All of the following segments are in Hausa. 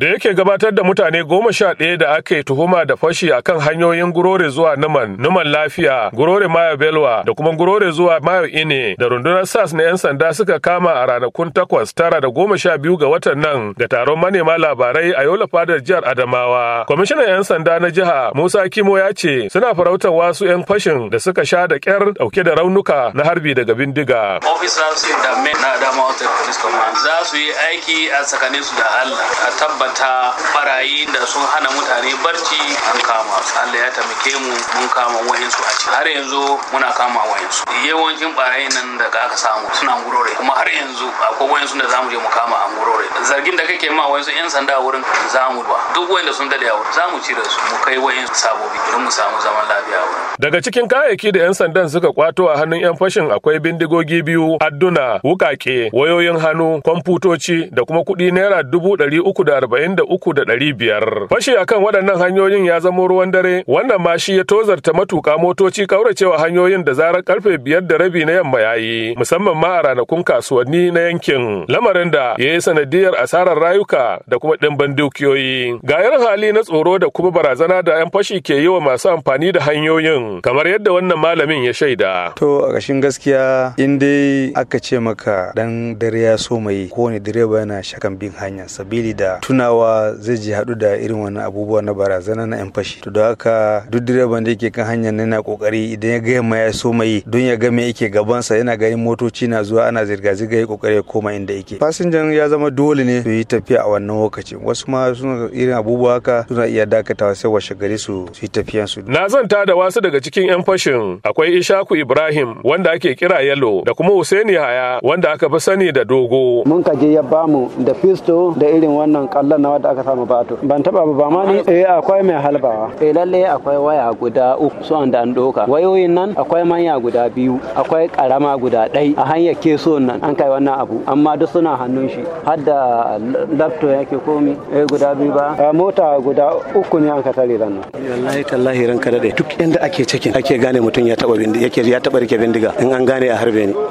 da yake gabatar da mutane goma sha ɗaya da aka tuhuma da fashi a kan hanyoyin gurore zuwa naman numan lafiya gurore mayo belwa da kuma gurore zuwa mayo ine da rundunar sas na 'yan sanda suka kama a ranakun takwas tara da goma sha biyu ga watan nan ga taron manema labarai a yola fadar jihar adamawa kwamishinan 'yan sanda na jiha musa kimo ya ce suna farautar wasu 'yan fashin da suka sha da kyar dauke da raunuka na harbi daga bindiga officers da na adamawa police command za su yi aiki a tsakaninsu da allah a tabbata ta barayi da sun hana mutane barci an kama su Allah ya taimake mu mun kama wayansu a har yanzu muna kama wayansu yawancin barayi nan da aka samu suna gurore kuma har yanzu akwai wayansu da zamu je mu kama an gurore zargin da kake ma wayansu yan sanda wurin zamu ba duk wayanda sun dade a wurin zamu cire su mu kai wayansu sabobi don mu samu zaman lafiya wurin daga cikin kayayyaki da yan sandan suka kwato a hannun yan fashin akwai bindigogi biyu adduna wukake wayoyin hannu kwamfutoci da kuma kuɗi naira dubu ɗari uku da arba'in arba'in da uku da ɗari biyar. Fashi akan waɗannan hanyoyin ya zamo ruwan dare wannan ma shi ya tozarta matuƙa motoci kauracewa hanyoyin da zarar karfe biyar da rabi na yamma ya yi musamman ma a ranakun kasuwanni na yankin lamarin da ya yi sanadiyar asarar rayuka da kuma ɗimbin dukiyoyi. Gayar hali na tsoro da kuma barazana da 'yan fashi ke yi wa masu amfani da hanyoyin kamar yadda wannan malamin ya shaida. To a ƙashin gaskiya in dai aka ce maka ɗan dare ya so mai kowane direba yana shakan bin hanya sabili da tuna tunawa zai ji haɗu da irin wani abubuwa na barazana na 'yan fashi to da haka duk direban da yake kan hanyar yana kokari idan ya ga yamma ya so mai don ya ga me yake gabansa yana ganin motoci na zuwa ana zirga-zirga ya kokari ya koma inda yake fasinjan ya zama dole ne su yi tafiya a wannan lokaci wasu ma suna irin abubuwa haka suna iya dakatawa sai washe gari su yi tafiyan su na zanta da wasu daga cikin 'yan fashin akwai ishaku ibrahim wanda ake kira yalo da kuma husaini haya wanda aka fi sani da dogo mun kaje ya bamu da fisto da irin wannan kallon wannan wadda aka samu ba to ban taba ba ma ni eh akwai mai halbawa eh lalle akwai waya guda uku so an da an doka wayoyin nan akwai manya guda biyu akwai karama guda ɗai a hanyar keso nan an kai wannan abu amma duk suna hannun shi har da laptop yake komi eh guda biyu ba eh, mota guda uku ne an ka tare nan wallahi tallahi ranka dade duk inda ake cikin ake gane mutum ya taba bindiga yake ya taba rike bindiga in an gane a harbe ne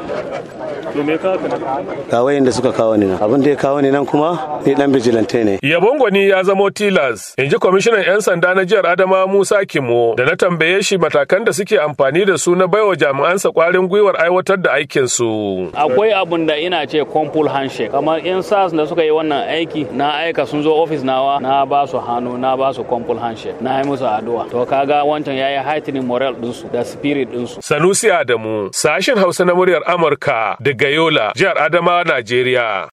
to me suka kawo ni nan abin da ya kawo ni nan kuma ni dan bijilante ne yabon gwani ya zamo tilas in ji kwamishinan yan sanda na jihar adama musa kimo da na tambaye shi matakan da suke amfani da su na baiwa jami'ansa kwarin gwiwar aiwatar da aikin su akwai abun da ina ce kwamful handshake kamar yan sas da suka yi wannan aiki na aika sun zo ofis nawa na ba su hannu na ba su kwamful handshake na yi musu addu'a to kaga wancan yi heightening moral dinsu da spirit dinsu sanusi adamu sashin hausa na muryar amurka daga Gayola, jihar Adamawa, Najeriya.